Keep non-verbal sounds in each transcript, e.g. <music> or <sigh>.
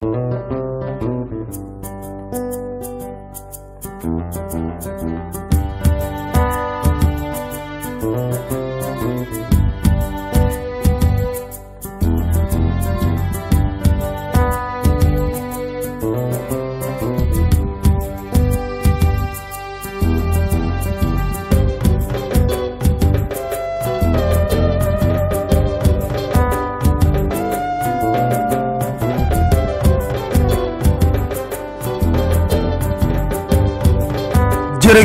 Thank you.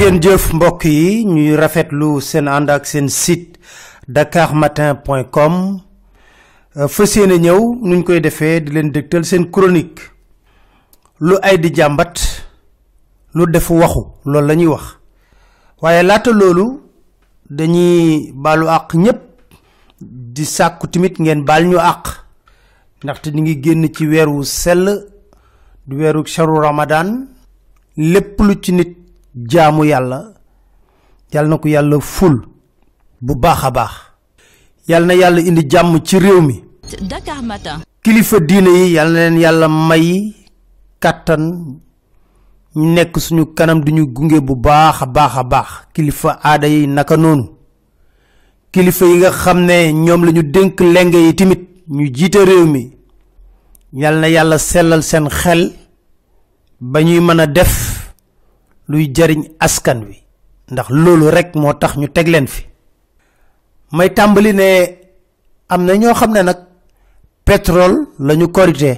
ngeen jëf mbokk yi ñuy rafetlu seen ànd ak seen site dakarmatin.com euh, fasiyene yéene ñëw nuñ koy defee di leen dégtal seen chronique lu ay di jàmbat lu defu waxu loolu la ñuy wax waaye laata loolu dañuy baalu àq ñépp di sàkku timit ngeen baal ñu àq ndaxte ni ngi génn ci weeru sell du weeru charu ramadan lépp lu ci nit jaamu yàlla yàlla na ko yàlla ful bu baax a baax yàlla na yàlla indi jàmm ci réew mi Dakar Matin kilifa diine yi yàlla na leen yàlla may kàttan nekk suñu kanam duñu gunge bu baax a baax a baax kilifa aada yi naka noonu kilifa yi nga xam ne ñoom lañu ñu dénk lenge yi tamit ñu jiite réew mi yàlla na yàlla sellal seen xel ba ñuy mën a def luy jariñ askan wi ndax loolu rek moo tax ñu teg leen fi may tàmbali ne am na ñoo xam ne nag pétrole la ñu korité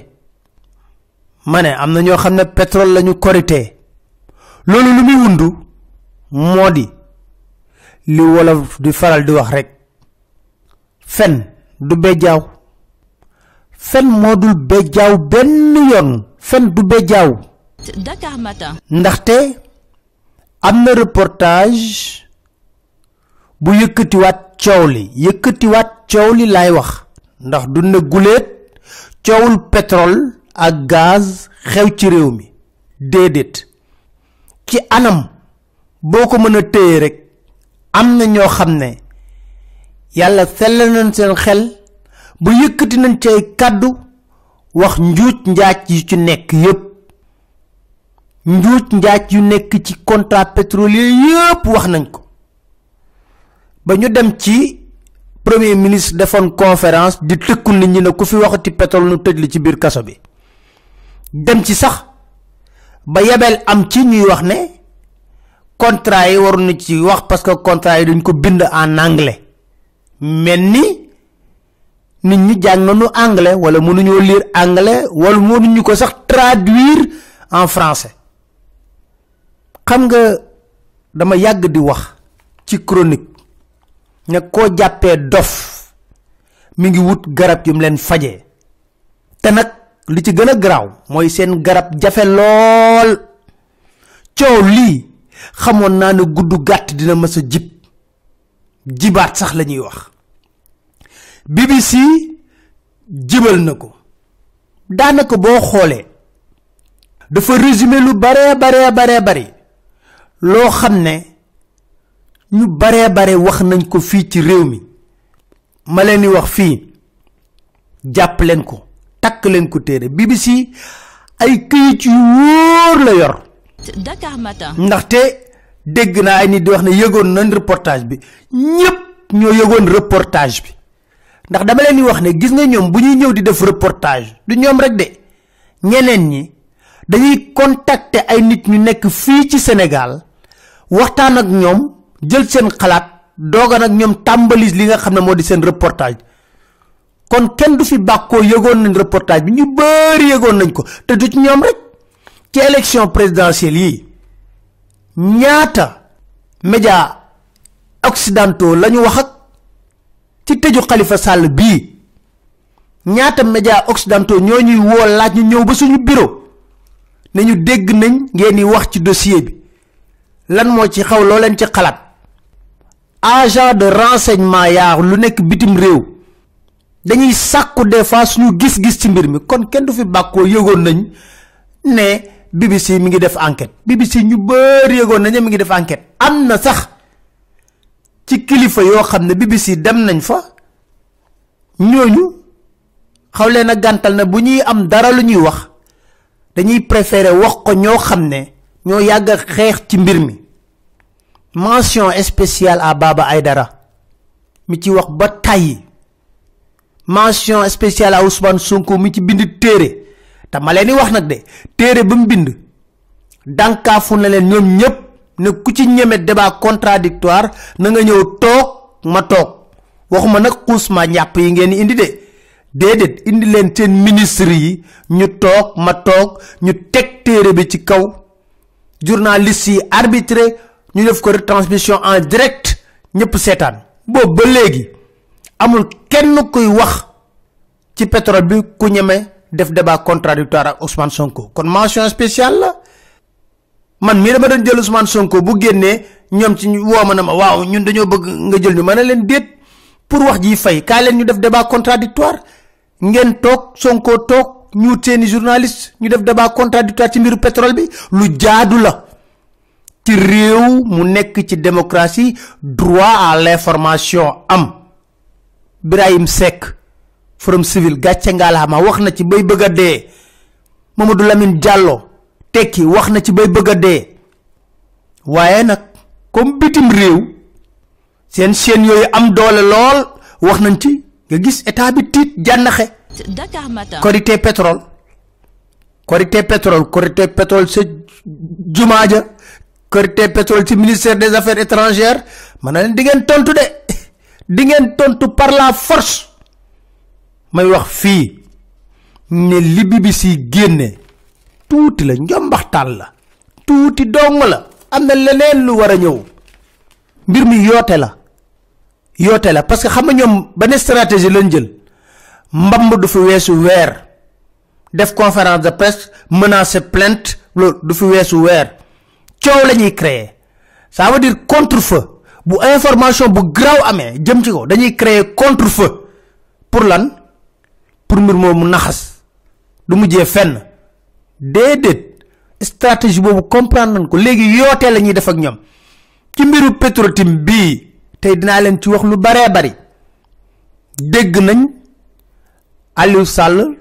ma ne am na ñoo xam ne pétrole la ñu korité loolu lu muy wundu moo li wolof di faral di wax rek fen du bejaaw fen modul be ben ben yoon fen du bejaaw ndaxte am reportage bu yëkkatiwaat coow li yëkkatiwaat coow li laay wax ndax du na guléet coowul pétrole ak gaz xew ci réew mi ci anam boo teerek, mën a téye rek am na ñoo xam ne yàlla sell nañ seen xel ba yëkkati nañ ci ay wax ci nekk yépp njuuj njaaj yu nekk ci contrat pétrolier yépp wax nañ ko ba ñu dem ci premier ministre defoon conférence di tëkku nit ñi ne ku fi waxati pétrole nu tëj li ci biir kaso bi dem ci sax ba yebel am ci ñuy wax ne contrat yi waru na ci wax parce que contrat yi dañ ko bind en anglais mel ni nit ñi jàng nañu anglais wala mënuñoo lire anglais wala mënuñu ko sax traduire en français xam nga dama yàgg di wax ci chronique ne koo jàppee dof mi ngi wut garab yum leen fajee te nag li ci gën a garaaw mooy seen garab jafe lool coow lii xamoon naa ne guddu gàtt dina a jib jibaat sax la wax bbc jibal na ko daanaka boo xoolee dafa résumer lu bare bare bare bari lo xam ñu baree bare wax nañ ko fi ci réew mi ma leen wax fi japp leen ko tak leen ko téré BBC ay këyit ci wóor la yor. Dakar Matin. ndaxte dégg naa ay nit di wax ne yëgoon nañ reportage bi ñëpp ñoo yëgoon reportage bi ndax dama leen wax ne gis nga ñoom bu ñuy ñëw di def reportage du ñoom rek de ñeneen ñi dañuy contacter ay nit ñu nekk fii ci Sénégal. waxtaan ak ñoom jël seen xalaat doga nak ñom tambali li nga xamne modi seen reportage kon kenn du fi bakko yegon nañ reportage bi ñu bari yegon nañ ko te du ci ñom rek ci élection présidentielle yi ñaata média occidentaux lañu wax ak ci teju khalifa sall bi ñaata média occidentaux ñuy wo laaj ñu ñew ba suñu bureau nañu dégg nañ ngeen wax ci dossier bi lan mo ci xaw lo len ci xalat agent de renseignement yaa lu nek bitim rew dañuy sakku des fois suñu gis-gis ci mbir mi kon kenn du fi bàkkoo yegon nañ ne BBC mi ngi def enquête BBC ñu beur yegon nañ mi ngi def enquête amna sax ci kilifa yo BBC dem nañ fa ñoñu xawle na gantal na buñuy am dara lu ñuy wax dañuy préférer wax ko ño ñoo yàgg a xeex ci mbir mi mention spéciale à baba aydara mi ci wax ba tàyyi mention spéciale à ousmane sonko mi ci bind téere ta ma leen wax nag de téere ba mu bind dankaafu na leen ñoom ñëpp ne ku ci ñeme débat contradictoire na nga ñëw toog ma toog waxuma nag ñàpp yi ngeen indi de déedéet indi leen seen ministre yi ñu toog ma toog ñu teg téere bi ci kaw Jurnalis yi arbitrer ñu def ko retransmission en direct ñëpp sétane bo ba légui amul kenn koy wax ci pétrole bi ku ñëmé def débat contradictoire ak Ousmane Sonko kon mention spéciale la man mi dama done jël Ousmane Sonko bu génné ñom ci woo ma na ma waaw ñun dañoo bëgg nga jël ñu mané len pour wax ji fay ka len ñu def débat contradictoire ngeen tok Sonko tok ñu téni journaliste ñu def débat contradictoire ci mbiru pétrole bi lu jaadu la ci réew mu nekk ci démocratie droit à l'information am birahim sek forum civil gàcce ngaalama wax na ci bay bëgg a dee mamadou lamine diallo tekki wax na ci bay bëgg a dee waaye comme bitim réew seen yooyu am doole lool wax nañ ci nga gis état bi tiit Dakar Matin. korité pétrole korité pétrole korité pétrole sa jumaa ja korité pétrole ci ministère des affaires étrangères mën na leen di ngeen tontu de di ngeen tontu par la force may wax fii ne li BBC génne tuuti la njombaxtaan la tuuti dong la am na leneen lu war a ñëw mbir mi yoote la yoote la parce que xam nga ñoom benn stratégie lañ jël mbamb du fi wessu wer def conférence de presse menacer plainte du fi wessu wer ciow lañuy créer ça veut dire contre bu information bu graw amé jëm ci ko dañuy créer contre feu pour lan pour mbir bu naxas du mujjé fenn dedet stratégie bobu comprendre nañ ko légui yoté lañuy def ak ñom ci mbiru bi tay dina len ci wax lu bare bari dégg nañ Aliou Sall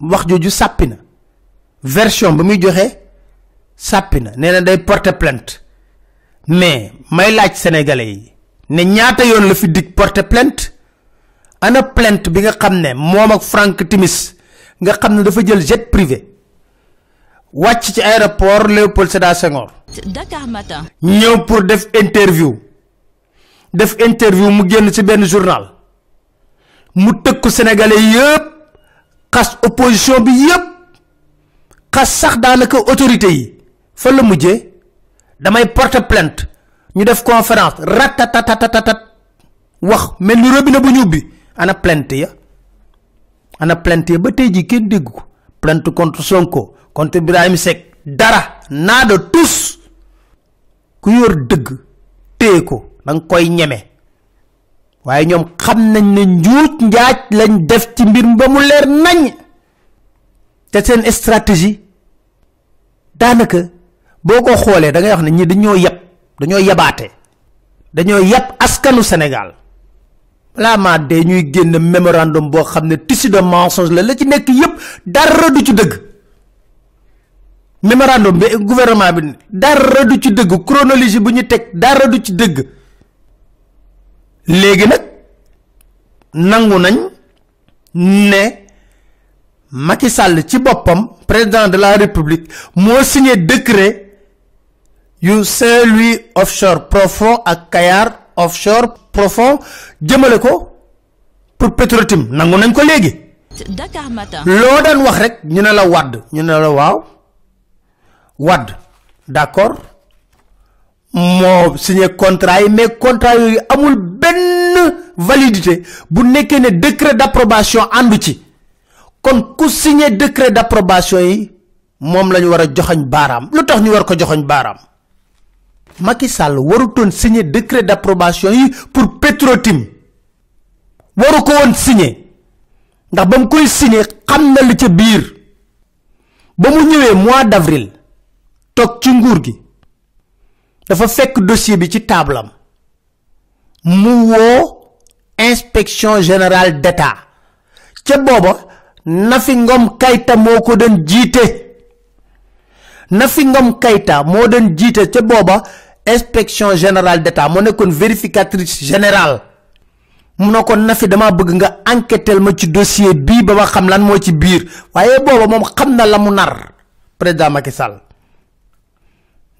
wax joju sàppi na version ba muy joxe sàppi na nee na day porter plainte mais may laaj sénégalais yi ne ñaata yoon la fi dig porter plainte ana plainte bi nga xam ne moom ak Frank Timis nga xam ne dafa jël jet privé wàcc ci aéroport Léopold Sédar Senghor Dakar matin ñëw pour def interview def interview mu génn ci benn journal mu tekk sénégalais yépp xas opposition bi yépp xas sax daanaka autorité yi fa la mujjé damay porter plainte ñu def conférence ratatatatatat wax mel ni robinet bu ñubbi ana plainte ya ana plainte ya ba tey ji kenn dégg ko plainte contre sonko contre ibrahim sek dara nada tous ku yor deug téye ko dang koy waaye ñoom xam nañ ne njuuj njaaj lañ def ci mbir ba mu leer nañ te seen stratégie daanaka boo ko xoolee da ngay wax ne ñi dañoo yeb dañoo yebaate dañoo yeb askanu Sénégal balaa maa dee ñuy génn mémorandum boo xam ne tissu de mensonge la la ci nekk yëpp dara du ci dëgg mémorandum bi gouvernement bi dara du ci dëgg chronologie bu ñu teg dara du ci dëgg légui nak ne président de la république mo signé décret yu saint offshore profond à Kayar offshore profond jëmele ko pour tim ko Dakar Matin. lo wax rek ñu la wad d'accord mo signé contrat mais contrat a amul ben validité bu que décret d'approbation andu ci kon ku signé décret d'approbation yi mom lañu wara war baram lutax ñu war ko Macky Sall signé décret d'approbation pour Petrotim waruko won signé ndax koy signé mois d'avril Tok ci dafa fekk dossier bi ci am mu wo inspection générale d'état ca booba nafi ngom kayta moo ko doon jiite nafi ngom kayta moo doon jité ca booba inspection générale d'état moo nekkoon vérificatrice générale mu ne ko nafi dama bëgg nga enquêtel ma ci dossier bii ba mo xam lan moo ci biir waaye booba moom xam na la mu nar président Macky Sall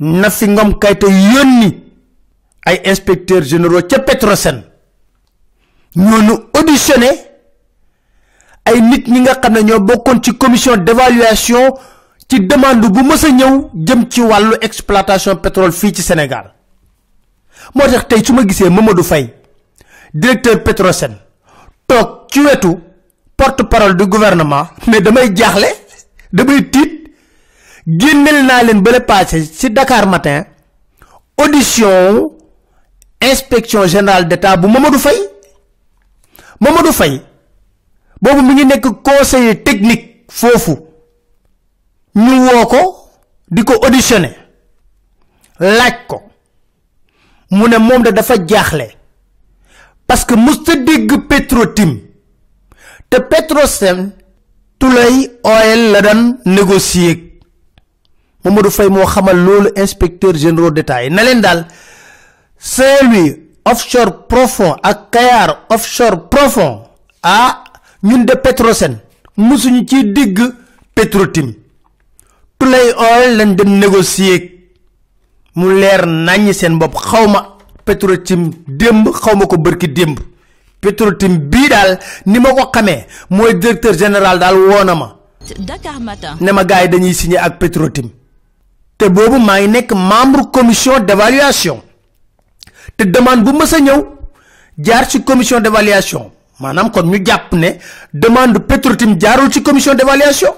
Nassi Kaito Yoni yoni ay inspecteur généraux ca Petrosen nous auditionné ay nit ñi nga xamné ñoo ci commission d'évaluation ci demande bu mësa a ñëw jëm ci walu exploitation pétrole fi ci Sénégal motax tay suma tu ma Mamadou fay directeur Petrosen tu ci tout porte-parole du gouvernement mais damay jaxlé damay tiit génneel naa leen Dakar matin audition inspection générale d'État bu Mamadou fay Mamadou fay boobu mi ngi nekk conseiller technique foofu ñu woo ko di ko auditionné laaj ko mu de dafa parce que musta dégg Petrotim te oil la négocier mamadou fay mo xamal lolu inspecteur généraux d'état na nalen dal saint offshore profond ak kayar offshore profond a ñun de petrosen musuñu ci digg petrotim tulay oil lañ dem négocier mu leer nañ sen bop xawma petrotim demb xawma ko barki demb petrotim bi dal ni mako xamé moy directeur général dal wonama dakar matin ne ma gaay dañuy signer ak petrotim te bobu maa ngi membre commission d'évaluation te demande bu mës ñew jaar ci commission d'évaluation manam kon ñu japp ne demande Petrotim jaarul ci commission d'évaluation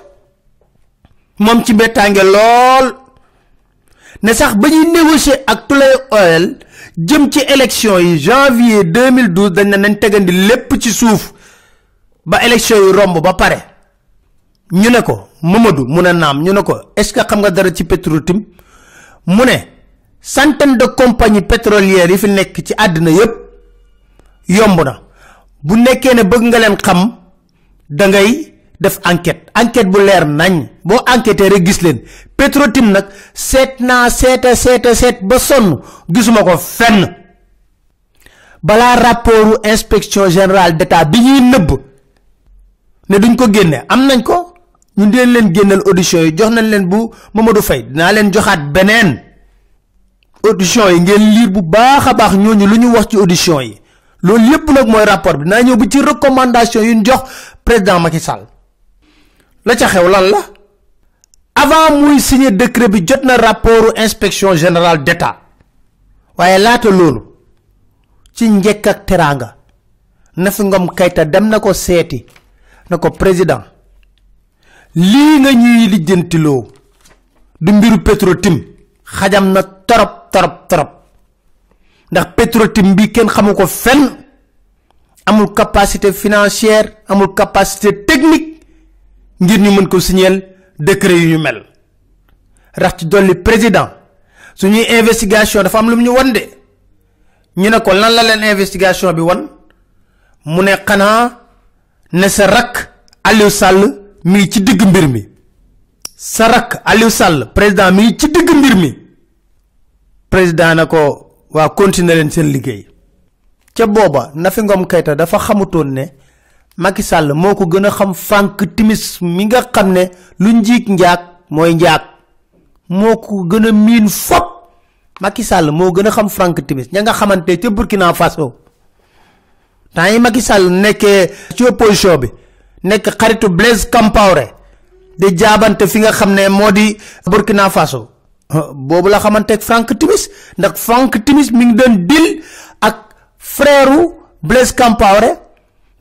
mom ci mbettaange lool ne sax ba négocier ak Tullow Oil jëm ci élection yi janvier 2012 dañ nañ tegandi lépp ci suuf ba élection yi romb ba paré ñu ne ko mamadou mu ne naam ñu ne ko est ce que xam nga dara ci petrotim mu ne centaine de compagnie pétrolière yi fi nekk ci àddina yépp yomb na bu nekkee ne bëgg nga leen xam da ngay def enquête enquête bu leer nañ boo enquêté rek gis leen petrotim nag seet naa seeta seeta seet ba sonn gisuma ko fenn balaa rapportu inspection générale d'état bi ñuy nëbb ne duñ ko génne am nañ ko ñu dinañ leen génnal audition yi jox nañ leen bu mamadou fay dinaa leen joxaat beneen audition yi ngeen lire bu baax a baax ñooñu lu ñu wax ci audition yi loolu yépp nag mooy rapport bi naa ñëw bu ci recommandation yu ñu jox président Macky Sall la ca xew lan la avant muy signé décret bi jot na rapportu inspection générale d'état waaye laata loolu ci njëkk ak teranga na fi ngom kayta dem na ko seeti président lii nga ñuy lijjantiloo du mbiru Petro-Tim xajam na torop torop torop ndax Petro-Tim bi kenn xamu ko fenn amul capacité financière amul capacité technique ngir ñu mën ko signeel décret yu ñu mel rax ci dolli président suñuy investigation dafa am lu mu ñu wan de ñu ne ko lan la leen investigation bi wan mu ne xanaa ne sa rakk Aliou Sall mi ci digg mbir mi sarak rak aliou sall président mi ci digg mbir mi président nako wa continuer leen seen liggéey ca booba nafi ngom kayta dafa xamutoon ne Macky Sall moo ko Frank xam fànk timis mi nga xam ne lu njiig njaag mooy njaag moo ko gën a miin fop Macky Sall moo gën xam timis ña nga xamante ca Burkina Faso temps Macky Sall ci opposition bi nek xaritu blaise campaoré di jaabante fi nga xam ne burkina faso euh, bobu la ak frank timis ndax frank timis mi ngi dil ak frère blaise Campaure,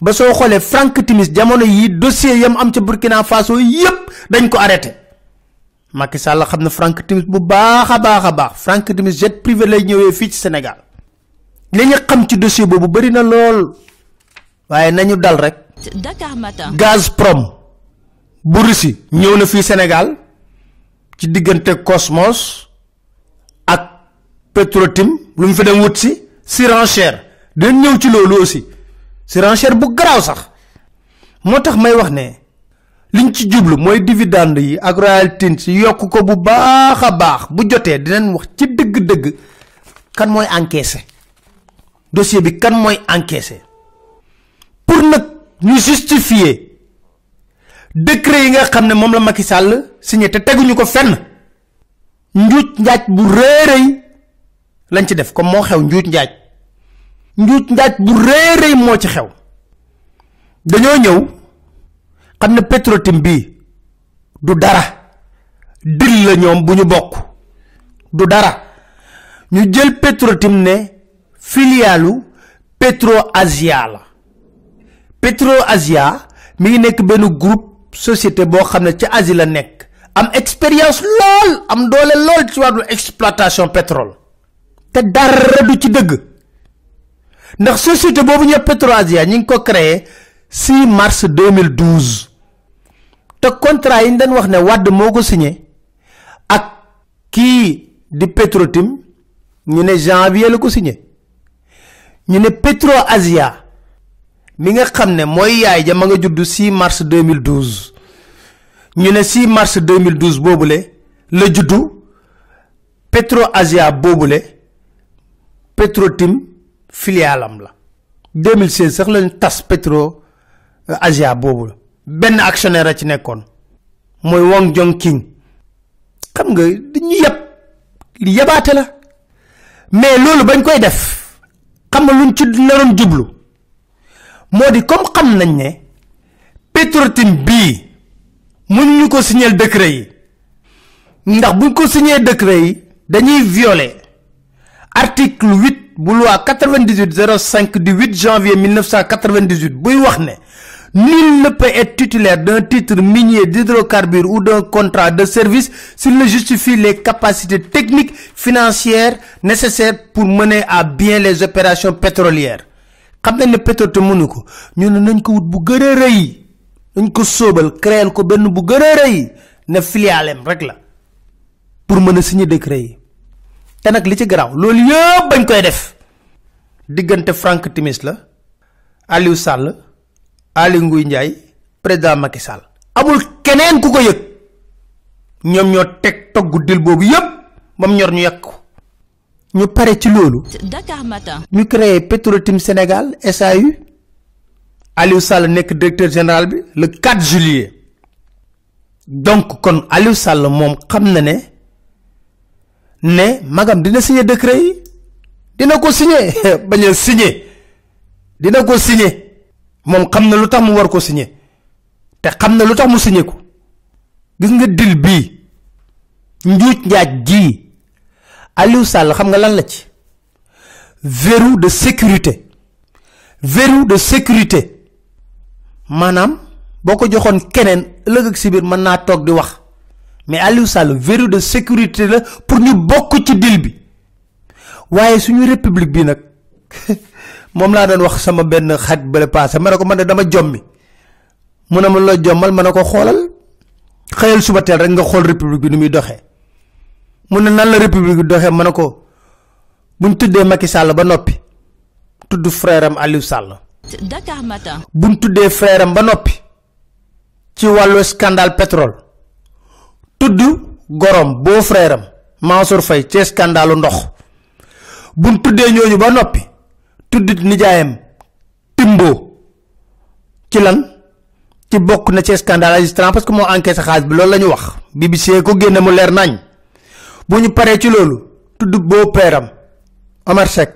ba so xolé frank timis jamono yi dossier yam am ci burkina faso yépp dañ ko arrêté Macky Sall na frank timis bu bah, a baax frank timis jet privé lay ñëwee fii ci sénégal li ñu xam ci dossier bobu bari na lool waye nañu dal rek Dakar Matin. Gazprom bu Russie ñëw na fii Sénégal ci diggante Cosmos ak Petrotim lu mu fi dem wut si surenchère dañ ñëw ci loolu aussi surenchère bu garaaw sax moo tax may wax ne liñ ci jublu mooy dividende yi ak royaltine si yokk ko bu baax a baax bu jotee dinañ wax ci dëgg-dëgg kan mooy encaissé dossier bi kan mooy encaissé pour nag ñu justifier décret yi nga xam mom la Macky Sall signé te teguñu ko fenn njut njaaj bu réeréy lañ ci def comme mo xew njut njaaj njut njaaj bu réeréy mo ci xew dañu ñew xam pétrotim bi du dara dil la ñom bu ñu du dara ñu jël pétrotim ne filialu petro asia petro asia mi ngi nek benu groupe société bo xam ci asia la nek am experience lol am doole lol ci wadou exploitation pétrole te dara du ci deug ndax société bobu ñe petro asia ñi ko créer 6 mars 2012 te contrat yi dañ wax ne wad moko ko signé ak ki di petrotim ñu ne janvier la ko signé ñu ne petro asia mi nga xamne moy yaay ja ma nga judd 6 mars 2012 ñu ne 6 mars 2012 boobule le juddu Petro Asia boobule petro filiale filialam la 2016 sax lañ tas Petro euh, Asia boobu ben actionnaire ci nekkoon moy Wong Jong King xam nga ñu yeb li yebaate la mais lolu bañ koy def xam nga luñ ci naroon jublu Modi comme xam nañ ne Petrotim bii mun ñu ko signer décret yi ndax buñ ko décret dañuy violer article 8, bu loi 98 du 8 janvier 1998 buy nul ne peut être titulaire d'un titre minier d'hydrocarbures ou d'un contrat de service s'il ne justifie les capacités techniques financières nécessaires pour mener à bien les opérations pétrolières xam nañ ne pétrole te mënu ko ñu ne nañ ko wut bu gën a rëy nañ ko sóobal créel ko benn bu gën a rëy ne filialem rek la pour mën a signé décret yi te nag li ci garaaw loolu yëpp bañ koy def diggante frank timis la aliou sall ali nguy ndiaye président macky sall amul keneen ku ko yëg ñoom ñoo teg toggu dil boobu yëpp bam ñor ñu yàq ñu paré ci lolu Dakar Matin. ñu créé Petro-Tim Sénégal SAU Aliou Sall nek directeur général bi le 4 juillet donc kon Aliou Sall mom xam na ne ne magam dina signer décret yi dina ko signer <laughs> baña signer dina ko signer mom xam na lu mu war ko signer té xam na lu mu signer ko gis nga dil bi njuuj njaaj gi Aliou Sall xam nga lan la ci verrou de sécurité verrou de sécurité manam boko joxone kenen leug ak sibir man na tok di wax mais Aliou Sall verrou de sécurité la pour ñu bokku ci dil bi waye suñu république bi nak <laughs> mom la doon wax sama ben xat bele passé mané ko man dama jommi mu na ma loo jommal mané ko xolal xeyal suba tel rek nga xol république bi ni muy doxé mu ne nan la république doxee ma ko buñ tuddé Macky Sall ba nopi tudd frère am Aliou Sall Dakar matin buñ tuddé frère am ba nopi ci walu scandale pétrole tudd gorom bo frère am Mansour Faye ci scandale ndox buñ tuddé ñooñu ba nopi tudd nijaayam Timbo ci lan ci bokku na ci scandale agistran parce que mo enquête xaalis bi lolou la wax BBC ko génné mu lér nañ bu ñu paree ci loolu tudd boo peeram omar sek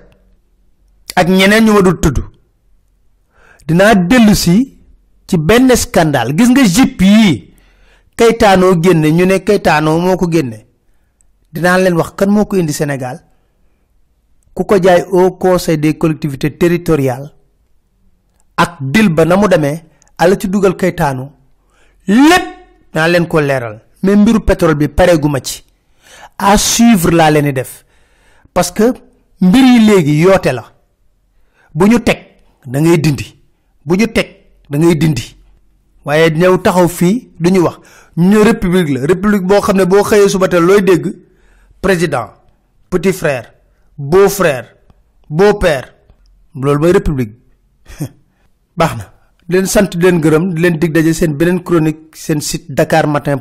ak ñeneen ñu ma dul tudd dinaa dellu si ci benn scandale gis nga jip yii kaytaanoo génne ñu ne kaytaanoo moo génne leen wax kan indi sénégal ku ko jaay au conseil des collectivités territoriales ak dil ba na mu demee ala ci dugal kaytaanoo lépp naa leen ko leeral mais mbiru pétrole bi ci à suivre la leen parce que mbir yi léegi la buñu da ngay dindi buñu dindi vous êtes taxaw fi duñu wax ñu république la république bo xamné ne président petit frère beau frère beau père lool la république <laughs> na len vous dig chronique site dakar matin